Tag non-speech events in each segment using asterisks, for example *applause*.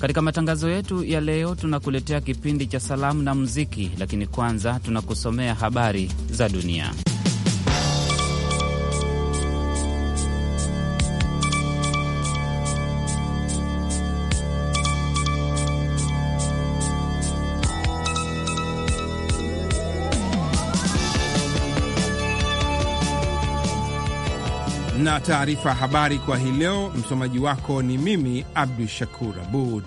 Katika matangazo yetu ya leo tunakuletea kipindi cha salamu na muziki, lakini kwanza tunakusomea habari za dunia. na taarifa ya habari kwa hii leo. Msomaji wako ni mimi Abdu Shakur Abud.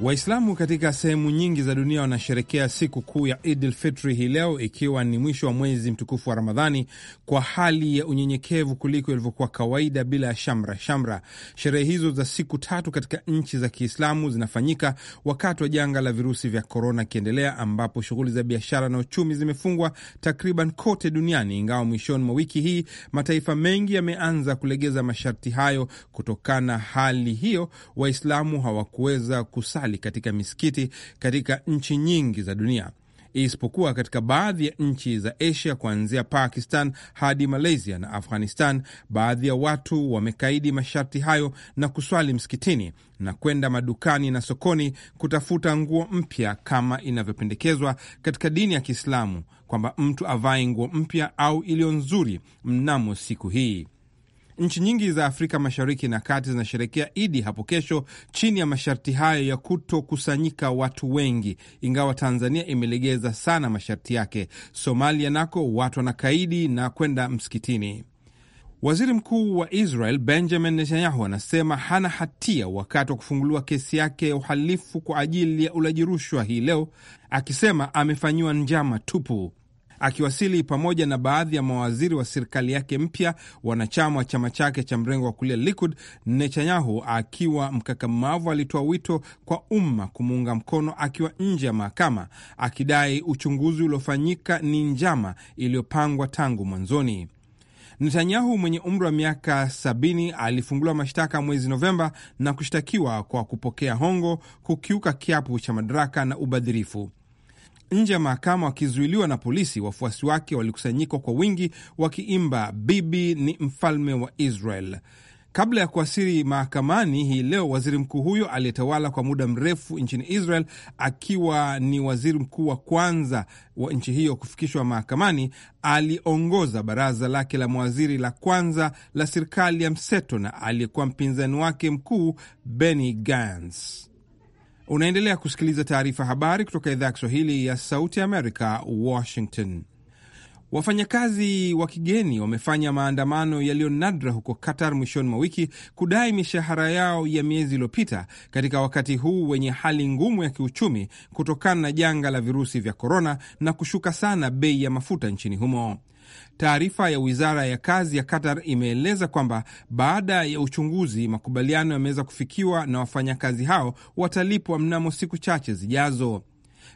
Waislamu katika sehemu nyingi za dunia wanasherekea siku kuu ya Idil Fitri hii leo, ikiwa ni mwisho wa mwezi mtukufu wa Ramadhani, kwa hali ya unyenyekevu kuliko ilivyokuwa kawaida, bila ya shamra shamra. Sherehe hizo za siku tatu katika nchi za Kiislamu zinafanyika wakati wa janga la virusi vya korona ikiendelea, ambapo shughuli za biashara na uchumi zimefungwa takriban kote duniani, ingawa mwishoni mwa wiki hii mataifa mengi yameanza kulegeza masharti hayo. Kutokana hali hiyo, Waislamu hawakuweza kusa mbalimbali katika misikiti katika nchi nyingi za dunia isipokuwa katika baadhi ya nchi za Asia kuanzia Pakistan hadi Malaysia na Afghanistan. Baadhi ya watu wamekaidi masharti hayo na kuswali msikitini na kwenda madukani na sokoni kutafuta nguo mpya kama inavyopendekezwa katika dini ya Kiislamu kwamba mtu avae nguo mpya au iliyo nzuri mnamo siku hii. Nchi nyingi za Afrika Mashariki na Kati zinasherekea Idi hapo kesho chini ya masharti hayo ya kutokusanyika watu wengi, ingawa Tanzania imelegeza sana masharti yake. Somalia nako watu wanakaidi na kwenda msikitini. Waziri Mkuu wa Israel Benjamin Netanyahu anasema hana hatia wakati wa kufunguliwa kesi yake ya uhalifu kwa ajili ya ulaji rushwa hii leo, akisema amefanyiwa njama tupu akiwasili pamoja na baadhi ya mawaziri wa serikali yake mpya, wanachama wa chama chake cha mrengo wa kulia Likud. Netanyahu akiwa mkakamavu, alitoa wito kwa umma kumuunga mkono akiwa nje ya mahakama, akidai uchunguzi uliofanyika ni njama iliyopangwa tangu mwanzoni. Netanyahu mwenye umri wa miaka 70 alifunguliwa mashtaka mwezi Novemba na kushtakiwa kwa kupokea hongo, kukiuka kiapo cha madaraka na ubadhirifu. Nje ya mahakama wakizuiliwa na polisi, wafuasi wake walikusanyika kwa wingi wakiimba bibi ni mfalme wa Israel. Kabla ya kuwasili mahakamani hii leo, waziri mkuu huyo aliyetawala kwa muda mrefu nchini Israel, akiwa ni waziri mkuu wa kwanza wa nchi hiyo kufikishwa mahakamani, aliongoza baraza lake la mawaziri la kwanza la serikali ya mseto na aliyekuwa mpinzani wake mkuu Benny Gantz. Unaendelea kusikiliza taarifa habari kutoka idhaa ya Kiswahili ya Sauti Amerika, Washington. Wafanyakazi wa kigeni wamefanya maandamano yaliyo nadra huko Qatar mwishoni mwa wiki kudai mishahara yao ya miezi iliyopita katika wakati huu wenye hali ngumu ya kiuchumi kutokana na janga la virusi vya korona na kushuka sana bei ya mafuta nchini humo. Taarifa ya wizara ya kazi ya Qatar imeeleza kwamba baada ya uchunguzi, makubaliano yameweza kufikiwa na wafanyakazi hao watalipwa mnamo siku chache zijazo.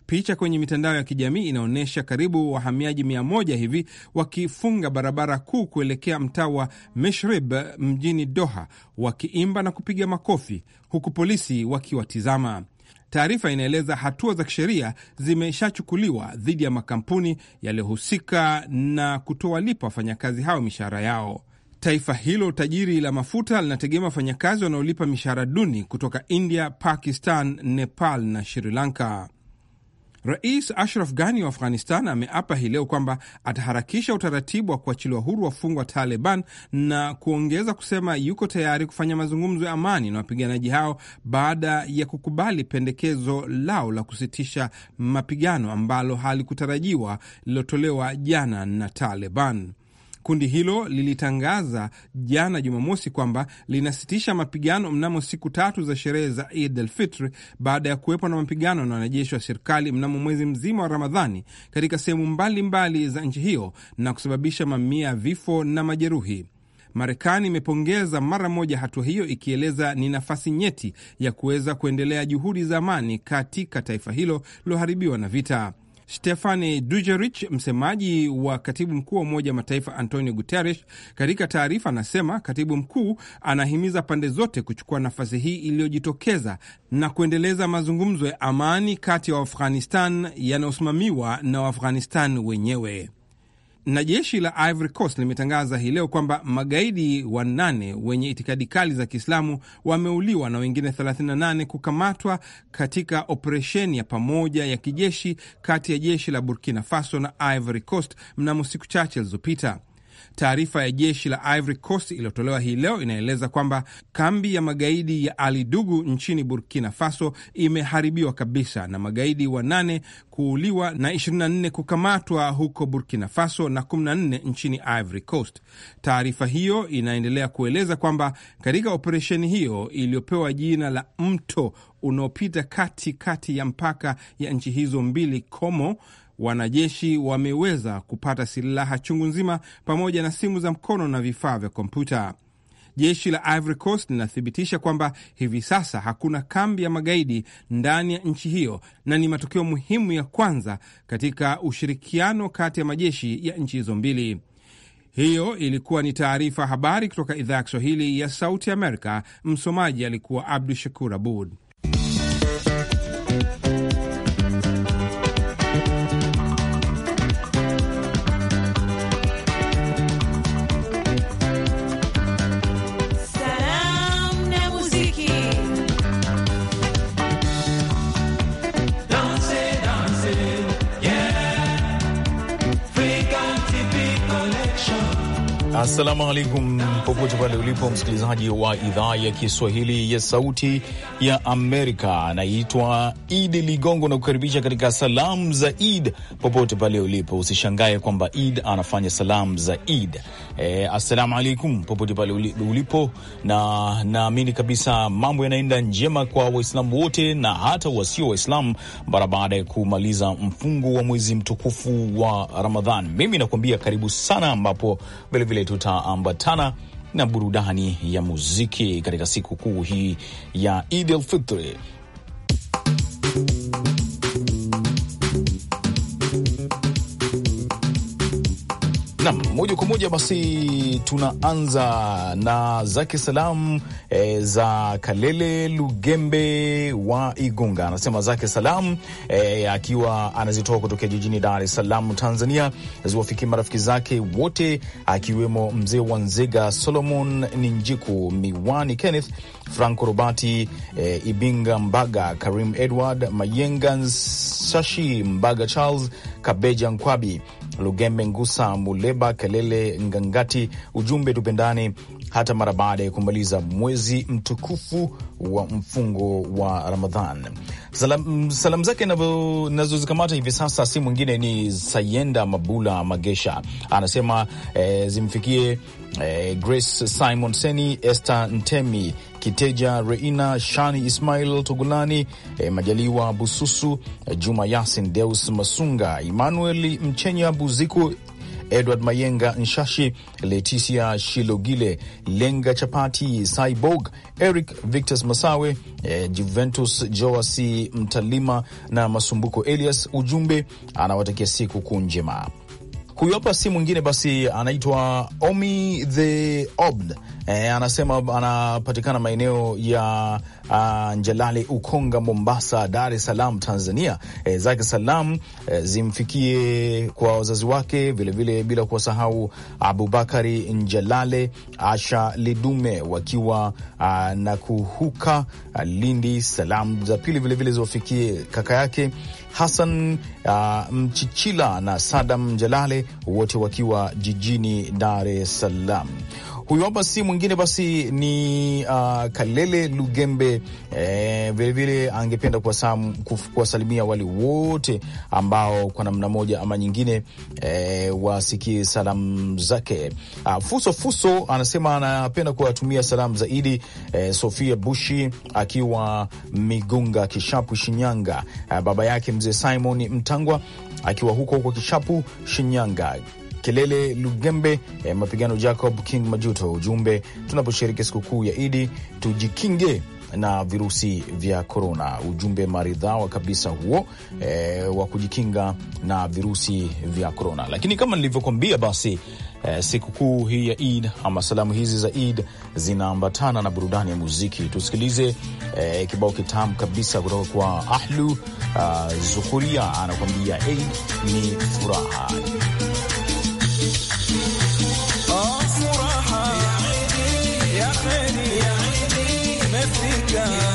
Picha kwenye mitandao ya kijamii inaonyesha karibu wahamiaji mia moja hivi wakifunga barabara kuu kuelekea mtaa wa Mishrib mjini Doha, wakiimba na kupiga makofi huku polisi wakiwatizama. Taarifa inaeleza hatua za kisheria zimeshachukuliwa dhidi ya makampuni yaliyohusika na kutowalipa wafanyakazi hao mishahara yao. Taifa hilo tajiri la mafuta linategemea wafanyakazi wanaolipa mishahara duni kutoka India, Pakistan, Nepal na Sri Lanka. Rais Ashraf Ghani wa Afghanistan ameapa hii leo kwamba ataharakisha utaratibu wa kuachiliwa huru wafungwa Taliban na kuongeza kusema yuko tayari kufanya mazungumzo ya amani na wapiganaji hao baada ya kukubali pendekezo lao la kusitisha mapigano ambalo halikutarajiwa lililotolewa jana na Taliban. Kundi hilo lilitangaza jana Jumamosi kwamba linasitisha mapigano mnamo siku tatu za sherehe za Eid al-Fitr baada ya kuwepo na mapigano na wanajeshi wa serikali mnamo mwezi mzima wa Ramadhani katika sehemu mbalimbali za nchi hiyo na kusababisha mamia ya vifo na majeruhi. Marekani imepongeza mara moja hatua hiyo, ikieleza ni nafasi nyeti ya kuweza kuendelea juhudi za amani katika taifa hilo liloharibiwa na vita. Stefani Dujerich, msemaji wa katibu mkuu wa Umoja wa Mataifa Antonio Guterres, katika taarifa anasema katibu mkuu anahimiza pande zote kuchukua nafasi hii iliyojitokeza na kuendeleza mazungumzo ya amani kati ya Waafghanistan yanayosimamiwa na Waafghanistan wenyewe. Na jeshi la Ivory Coast limetangaza hii leo kwamba magaidi wanane wenye itikadi kali za Kiislamu wameuliwa na wengine 38 kukamatwa katika operesheni ya pamoja ya kijeshi kati ya jeshi la Burkina Faso na Ivory Coast mnamo siku chache zilizopita. Taarifa ya jeshi la Ivory Coast iliyotolewa hii leo inaeleza kwamba kambi ya magaidi ya Ali Dugu nchini Burkina Faso imeharibiwa kabisa na magaidi wanane kuuliwa na 24 kukamatwa huko Burkina Faso na 14 nchini Ivory Coast. Taarifa hiyo inaendelea kueleza kwamba katika operesheni hiyo iliyopewa jina la mto unaopita katikati ya mpaka ya nchi hizo mbili como wanajeshi wameweza kupata silaha chungu nzima pamoja na simu za mkono na vifaa vya kompyuta. Jeshi la Ivory Coast linathibitisha kwamba hivi sasa hakuna kambi ya magaidi ndani ya nchi hiyo, na ni matokeo muhimu ya kwanza katika ushirikiano kati ya majeshi ya nchi hizo mbili. Hiyo ilikuwa ni taarifa habari kutoka idhaa ya Kiswahili ya Sauti Amerika. Msomaji alikuwa Abdu Shakur Abud. Assalamu alaikum, popote pale ulipo msikilizaji wa idhaa ya Kiswahili ya Sauti ya Amerika. Anaitwa Idi Ligongo na kukaribisha katika salamu za Id popote pale ulipo. Usishangae kwamba Id anafanya salamu za Id. E, assalamu alaikum popote pale ulipo, na naamini kabisa mambo yanaenda njema kwa Waislamu wote na hata wasio Waislamu mara baada ya kumaliza mfungo wa mwezi mtukufu wa Ramadhan. Mimi nakuambia karibu sana, ambapo vilevile tutaambatana na burudani ya muziki katika siku kuu hii ya Idil Fitri. Nam moja kwa moja basi, tunaanza na zake salamu e, eh, za Kalele Lugembe wa Igunga. Anasema zake salamu e, eh, akiwa anazitoa kutokea jijini Dar es Salaam, Tanzania, ziwafikie marafiki zake wote, akiwemo mzee wa Nzega, Solomon Ninjiku, Miwani Kenneth, Franco Robati, e, Ibinga Mbaga, Karim Edward Mayenga, Sashi Mbaga, Charles Kabeja Nkwabi Lugembe Ngusa Muleba Kelele Ngangati. Ujumbe, tupendane hata mara baada ya kumaliza mwezi mtukufu wa mfungo wa Ramadhan. Salamu salam zake nazozikamata hivi sasa si mwingine ni Sayenda Mabula Magesha, anasema eh, zimfikie eh, Grace Simon Seni, Esther Ntemi Kiteja, Reina Shani, Ismail Togulani, eh, Majaliwa Bususu, eh, Juma Yasin, Deus Masunga, Emmanuel Mchenya Buziku, Edward Mayenga Nshashi, Leticia Shilogile, Lenga Chapati, Cyborg, Eric Victus Masawe, eh, Juventus Joasi Mtalima na Masumbuko Elias. Ujumbe anawatakia siku kuu njema. Huyu hapa si mwingine basi, anaitwa Omi the Obd. E, anasema anapatikana maeneo ya uh, Njalale Ukonga, Mombasa, Dar es Salaam, Tanzania. E, zake salam e, zimfikie kwa wazazi wake vilevile vile, bila kuwasahau Abubakari Njalale Asha Lidume wakiwa uh, na kuhuka uh, Lindi. Salam za pili vilevile ziwafikie kaka yake Hassan uh, Mchichila na Sadam Jalale, wote wakiwa jijini Dar es Salaam. Huyu hapa si mwingine basi ni uh, Kalele Lugembe. Vilevile eh, angependa kuwasalimia wale wote ambao kwa namna moja ama nyingine eh, wasikie salamu zake. Uh, Fuso Fuso anasema anapenda kuwatumia salamu zaidi eh, Sofia Bushi akiwa Migunga Kishapu Shinyanga, uh, baba yake mzee Simon Mtangwa akiwa huko huko Kishapu Shinyanga Kelele Lugembe, eh, Mapigano Jacob King Majuto. Ujumbe, tunaposhiriki sikukuu ya Idi tujikinge na virusi vya korona. Ujumbe maridhawa kabisa huo e, wa kujikinga na virusi vya korona. Lakini kama nilivyokuambia, basi e, sikukuu hii ya Eid ama salamu hizi za Eid zinaambatana na burudani ya muziki. Tusikilize e, kibao kitamu kabisa kutoka kwa Ahlu ah, Zuhuria anakuambia Eid ni furaha. Yeah.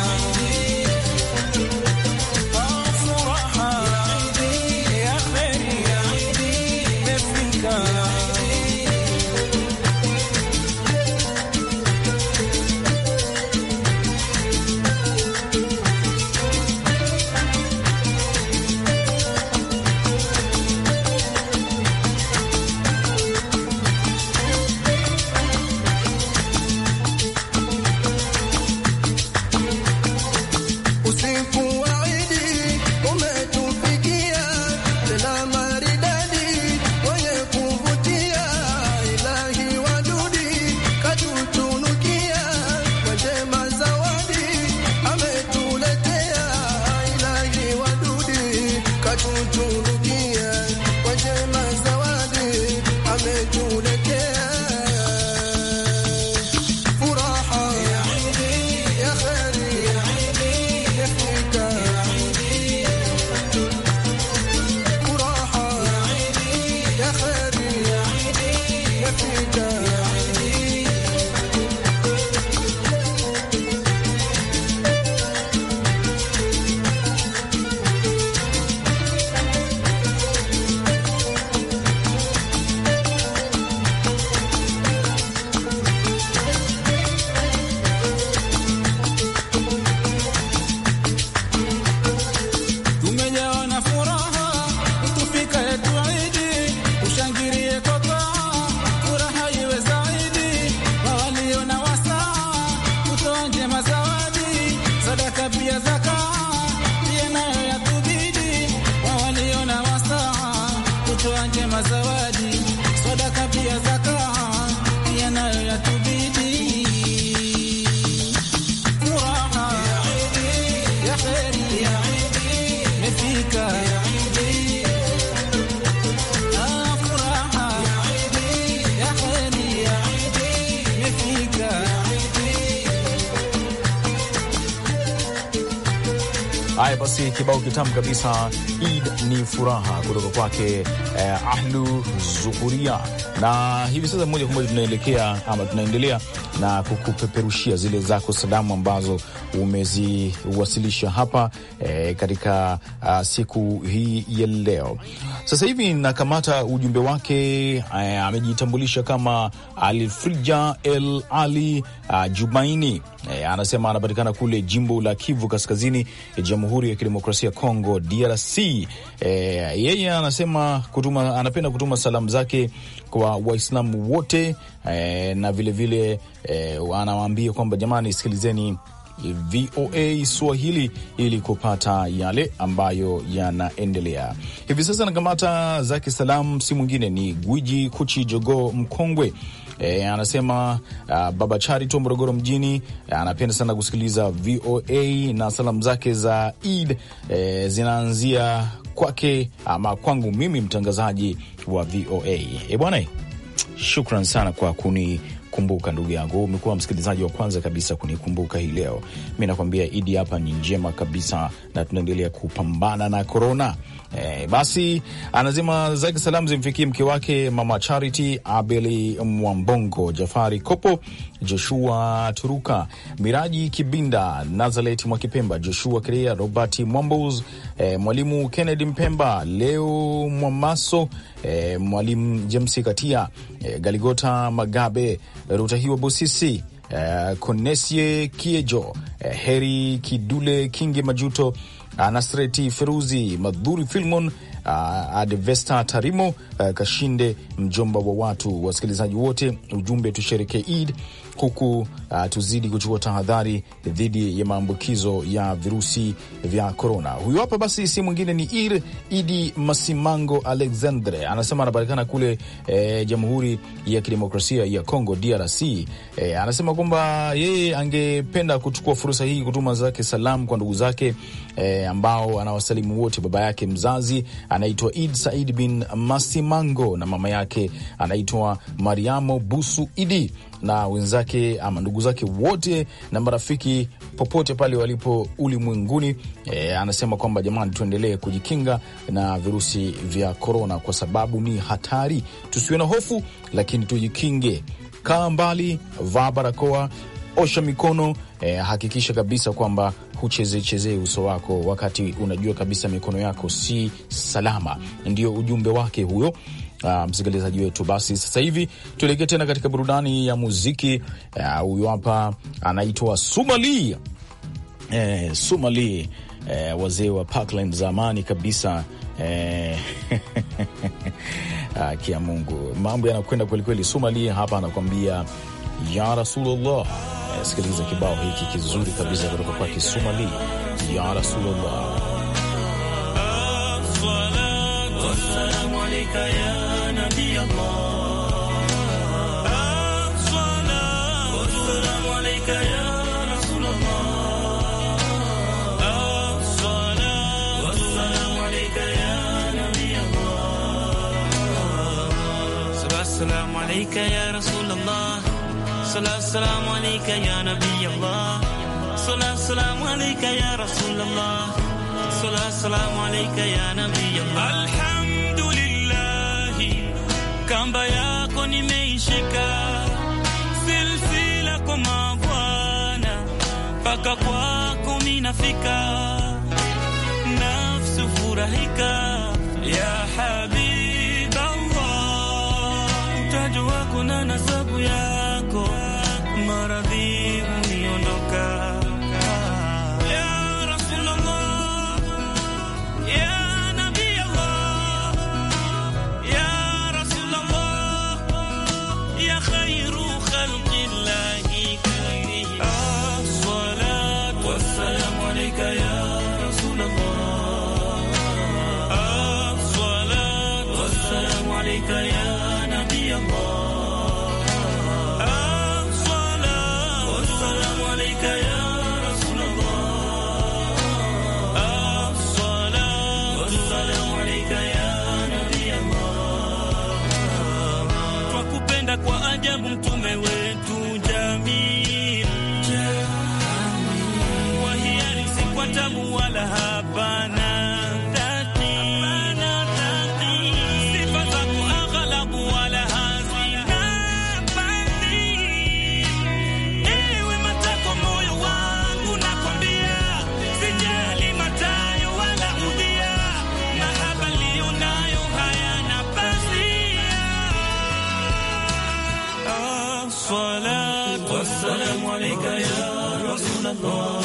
Haya basi, kibao kitamu kabisa, Eid ni furaha kutoka kwake eh, Ahlu Zuhuria. Na hivi sasa moja kwa moja tunaelekea ama tunaendelea na kukupeperushia zile zako salamu ambazo umeziwasilisha hapa e, katika a, ah, siku hii ya leo. Sasa hivi nakamata ujumbe wake. Eh, amejitambulisha kama Alfrija El Ali a, ah, Jumaini. E, anasema anapatikana kule jimbo la Kivu Kaskazini, e, Jamhuri ya Kidemokrasia Kongo, DRC. E, yeye anasema kutuma, anapenda kutuma salamu zake kwa Waislamu wote e, na vilevile e, anawaambia kwamba jamani, sikilizeni VOA Swahili ili kupata yale ambayo yanaendelea hivi sasa. Nakamata zake salamu, si mwingine ni gwiji kuchi jogo mkongwe. E, anasema uh, baba Charito Morogoro mjini anapenda sana kusikiliza VOA na salamu zake za Eid e, zinaanzia kwake ama kwangu mimi mtangazaji wa VOA. E bwana, shukran sana kwa kuni Kumbuka ndugu yangu, umekuwa msikilizaji wa kwanza kabisa kunikumbuka hii leo. Mi nakwambia Idi hapa ni njema kabisa, na tunaendelea kupambana na korona. E, eh, basi anazima zake salamu zimfikie mke wake mama Charity Abeli Mwambongo, Jafari Kopo Joshua Turuka, Miraji Kibinda, Nazaret Mwakipemba, Joshua Kirea, Robert Mwambos, eh, Mwalimu Kennedy Mpemba, Leo Mwamaso, eh, Mwalimu James Katia, eh, Galigota Magabe, Rutahiwa Bosisi, eh, Konesie Kiejo, eh, Heri Kidule, Kingi Majuto, Anasreti Feruzi, Madhuri Filmon, uh, Advesta Tarimo, uh, Kashinde mjomba wa watu. Wasikilizaji wote, ujumbe tusherekee Eid huku uh, tuzidi kuchukua tahadhari dhidi ya maambukizo ya virusi vya korona. Huyu hapa basi si mwingine ni ir Idi Masimango Alexandre, anasema anapatikana kule eh, Jamhuri ya Kidemokrasia ya Congo DRC. Eh, anasema kwamba yeye angependa kuchukua fursa hii kutuma zake salamu kwa ndugu zake eh, ambao anawasalimu wote. Baba yake mzazi anaitwa Id Said bin Masimango na mama yake yake anaitwa Mariamo Busu Idi na wenzake ama ndugu zake wote na marafiki popote pale walipo ulimwenguni. E, anasema kwamba jamani, tuendelee kujikinga na virusi vya korona kwa sababu ni hatari. Tusiwe na hofu, lakini tujikinge. Kaa mbali, vaa barakoa, osha mikono. E, hakikisha kabisa kwamba huchezechezee uso wako wakati unajua kabisa mikono yako si salama. Ndio ujumbe wake huyo uh, msikilizaji wetu. Basi sasa hivi tuelekee tena katika burudani ya muziki. Ah, huyu uh, hapa anaitwa Sumali eh, Sumali eh, wazee wa Parkland zamani kabisa eh, *laughs* ah, kia Mungu, mambo yanakwenda kwelikweli. Sumali hapa anakuambia ya Rasulullah. Eh, sikiliza kibao hiki kizuri kabisa kutoka kwake Sumali, ya Rasulullah. عليك يا نبي الله الصلاة والسلام عليك يا رسول الله الصلاة والسلام عليك يا نبي الله صلاة السلام عليك يا رسول الله صلاة السلام عليك يا نبي الله صلاة السلام عليك يا رسول الله صلاة السلام عليك يا نبي الله الحمد kamba yako nimeishika, silsila kwa mabwana mpaka kwako minafika, nafsi furahika ya habiballah Allah, utajua kuna nasabu yako maradhi Lord.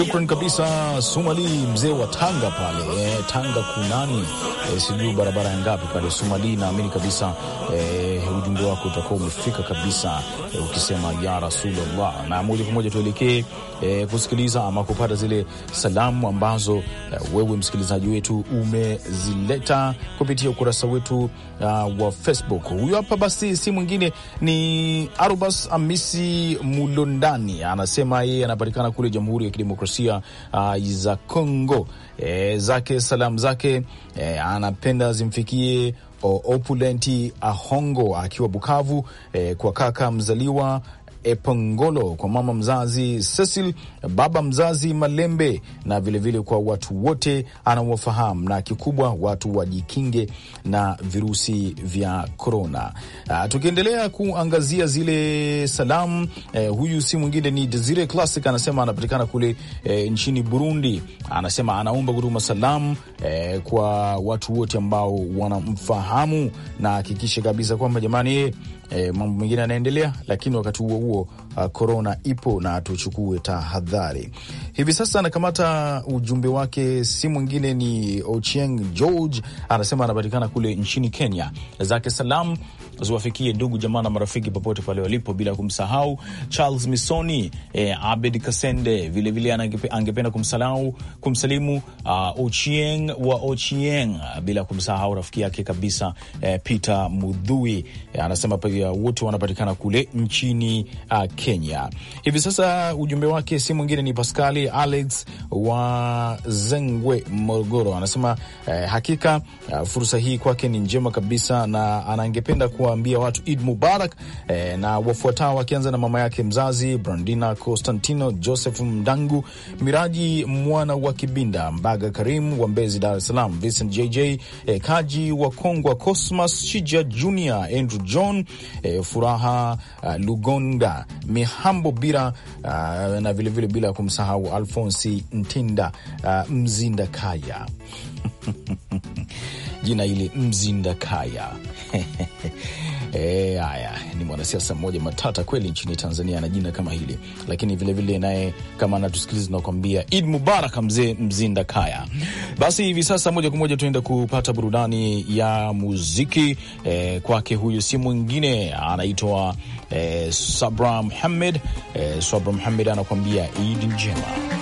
Shukran kabisa Sumali, mzee wa Tanga pale e, Tanga kunani e, sijui barabara ya ngapi pale Sumali. Naamini kabisa eh, ujumbe wako utakuwa umefika kabisa e, ukisema ya Rasulullah. Na moja kwa moja tuelekee e, kusikiliza ama kupata zile salamu ambazo e, wewe msikilizaji wetu umezileta kupitia ukurasa wetu a, ah, wa Facebook. Huyu hapa basi si mwingine ni Arubas Amisi Mulondani, anasema yeye anapatikana kule Jamhuri ya Kidemokrasia kidemokrasia uh, za Kongo e, zake salamu zake e, anapenda zimfikie Opulenti Ahongo akiwa Bukavu e, kwa kaka mzaliwa Epongolo, kwa mama mzazi Cecil, baba mzazi Malembe, na vilevile vile kwa watu wote anawafahamu, na kikubwa watu wajikinge na virusi vya korona. Ah, tukiendelea kuangazia zile salamu eh, huyu si mwingine ni Desire Classic, anasema anapatikana kule eh, nchini Burundi. Anasema anaomba kutuma salamu eh, kwa watu wote ambao wanamfahamu na hakikishe kabisa kwamba jamani, e, mambo mengine yanaendelea, lakini wakati huo huo korona uh, ipo na tuchukue tahadhari. Hivi sasa anakamata ujumbe wake, si mwingine ni Ochieng George, anasema anapatikana kule nchini Kenya, zake salam ziwafikie ndugu jamaa na marafiki popote pale walipo, bila kumsahau Charles Misoni, eh, Abed Kasende vilevile angependa kumsalau, kumsalimu uh, Ochieng wa Ochieng, bila kumsahau rafiki yake kabisa eh, Peter Mudhui eh, anasema pia wote wanapatikana kule nchini uh, Kenya hivi sasa. Ujumbe wake si mwingine ni Pascali Alex wa Zengwe, Morogoro, anasema eh, hakika uh, fursa hii kwake ni njema kabisa, na anangependa kuwaambia watu Eid Mubarak eh, na wafuatao wakianza na mama yake mzazi Brandina Constantino Joseph Mdangu, Miraji mwana wa Kibinda, Mbaga Karim wa Mbezi, Dar es Salaam, Vincent JJ eh, Kaji wa Kongwa, Cosmas Chija Junior, Andrew John eh, Furaha uh, eh, Lugonga Mihambo Bira uh, na vilevile bila kumsahau Alfonsi Ntinda uh, Mzinda Kaya *laughs* jina hili Mzinda Kaya *laughs* eh, haya e, ni mwanasiasa mmoja matata kweli nchini Tanzania na jina kama hili, lakini vilevile naye kama anatusikiliza tunakuambia Id Mubarak mzee Mzinda Kaya. Basi hivi sasa moja kwa moja tunaenda kupata burudani ya muziki e, kwake huyu si mwingine anaitwa e, Sabra Muhamed. E, Sabra Muhamed anakuambia Idi njema.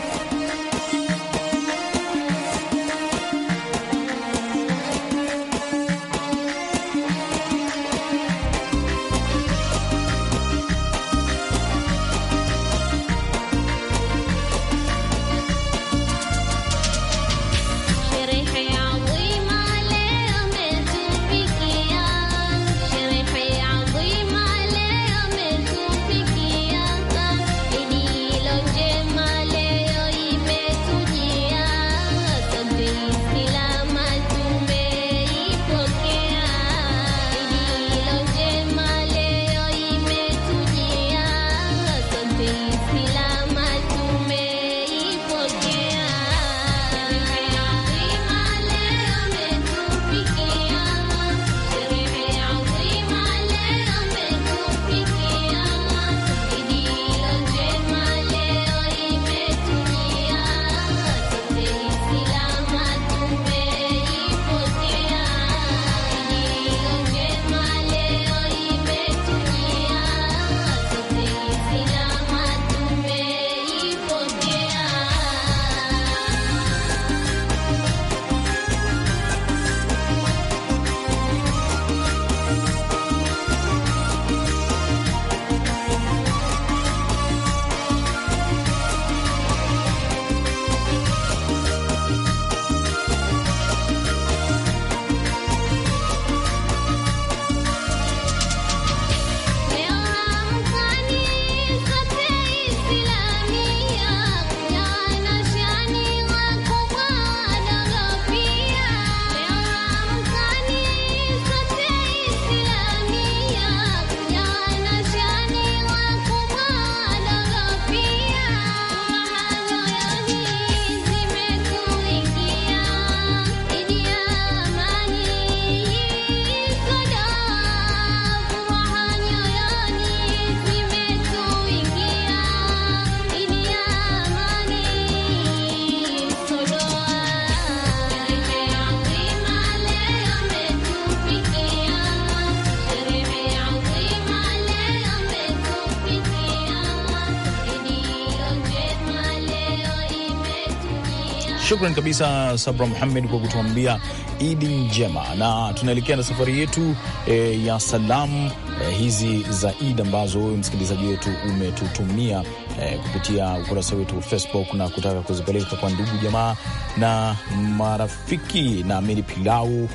Shukran kabisa Sabra Muhamed kwa kutuambia Idi njema, na tunaelekea na safari yetu e, ya salamu e, hizi za Id ambazo wewe msikilizaji wetu umetutumia e, kupitia ukurasa wetu wa Facebook na kutaka kuzipeleka kwa ndugu jamaa na marafiki. Naamini pilau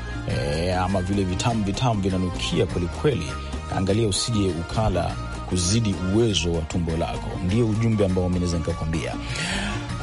e, ama vile vitamu vitamu vinanukia kwelikweli. Angalia usije ukala kuzidi uwezo wa tumbo lako, ndio ujumbe ambao mimi naweza nikakwambia.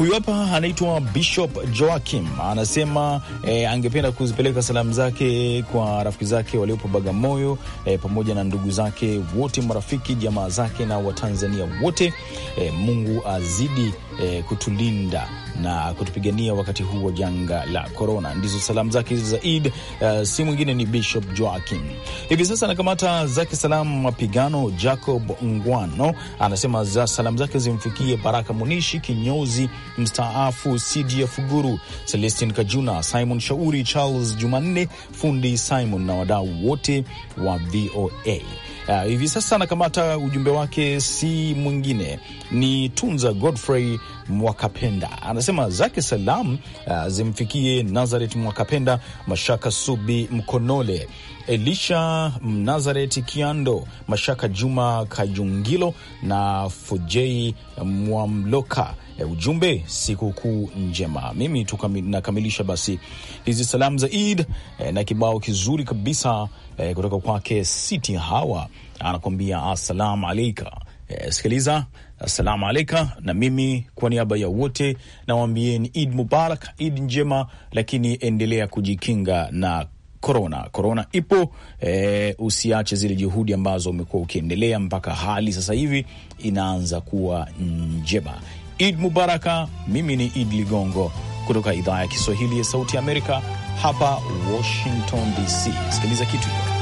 Huyu hapa anaitwa Bishop Joakim, anasema e, angependa kuzipeleka salamu zake kwa rafiki zake waliopo Bagamoyo e, pamoja na ndugu zake wote, marafiki jamaa zake na Watanzania wote e, Mungu azidi e, kutulinda na kutupigania wakati huu wa janga la korona. Ndizo salamu zake za Id. Uh, eh, si mwingine ni Bishop Joakim. Hivi sasa anakamata zake salamu mapigano. Jacob Ngwano anasema za salamu zake zimfikie Baraka Munishi, kinyozi mstaafu, Sidia Fuguru, Celestin Kajuna, Simon Shauri, Charles Jumanne, fundi Simon na wadau wote wa VOA. Uh, hivi sasa anakamata ujumbe wake, si mwingine ni Tunza Godfrey Mwakapenda, anasema zake salam uh, zimfikie Nazaret Mwakapenda, Mashaka Subi Mkonole, Elisha nazaret Kiando, Mashaka Juma Kajungilo na Fojei Mwamloka. Eh, ujumbe sikukuu njema. Mimi nakamilisha basi hizi salamu za Eid e, na kibao kizuri kabisa e, kutoka kwake City Hawa anakuambia assalamu alaika. E, sikiliza assalamu alaika, na mimi kwa niaba ya wote nawaambieni Eid Mubarak, Eid njema, lakini endelea kujikinga na korona. Korona ipo e, usiache zile juhudi ambazo umekuwa ukiendelea mpaka hali sasa hivi inaanza kuwa njema. Id Mubaraka. Mimi ni Id Ligongo kutoka idhaa ya Kiswahili ya Sauti ya Amerika hapa Washington DC. Sikiliza kitu hiyo.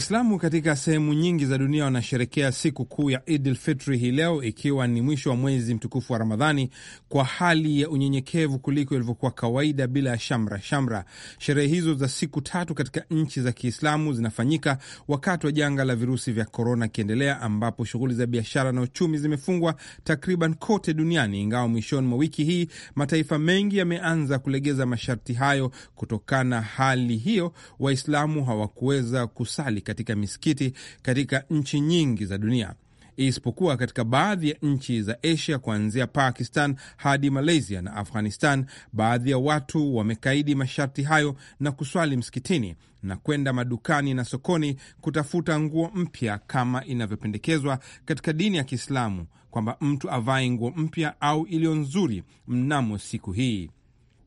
Waislamu katika sehemu nyingi za dunia wanasherekea siku kuu ya Idil Fitri hii leo, ikiwa ni mwisho wa mwezi mtukufu wa Ramadhani, kwa hali ya unyenyekevu kuliko ilivyokuwa kawaida, bila ya shamra shamra. Sherehe hizo za siku tatu katika nchi za Kiislamu zinafanyika wakati wa janga la virusi vya korona ikiendelea, ambapo shughuli za biashara na uchumi zimefungwa takriban kote duniani, ingawa mwishoni mwa wiki hii mataifa mengi yameanza kulegeza masharti hayo. Kutokana na hali hiyo, Waislamu hawakuweza kusali katika misikiti katika nchi nyingi za dunia isipokuwa katika baadhi ya nchi za Asia kuanzia Pakistan hadi Malaysia na Afghanistan. Baadhi ya watu wamekaidi masharti hayo na kuswali msikitini na kwenda madukani na sokoni kutafuta nguo mpya kama inavyopendekezwa katika dini ya Kiislamu kwamba mtu avae nguo mpya au iliyo nzuri mnamo siku hii.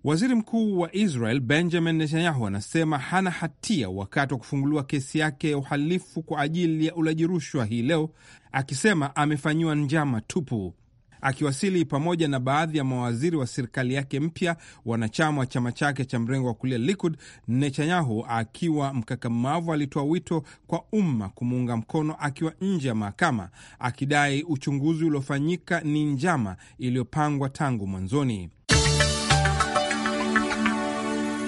Waziri mkuu wa Israel Benjamin Netanyahu anasema hana hatia wakati wa kufunguliwa kesi yake ya uhalifu kwa ajili ya ulaji rushwa hii leo, akisema amefanyiwa njama tupu. Akiwasili pamoja na baadhi ya mawaziri wa serikali yake mpya, wanachama wa chama chake cha mrengo wa kulia Likud, Netanyahu akiwa mkakamavu alitoa wito kwa umma kumuunga mkono akiwa nje ya mahakama, akidai uchunguzi uliofanyika ni njama iliyopangwa tangu mwanzoni.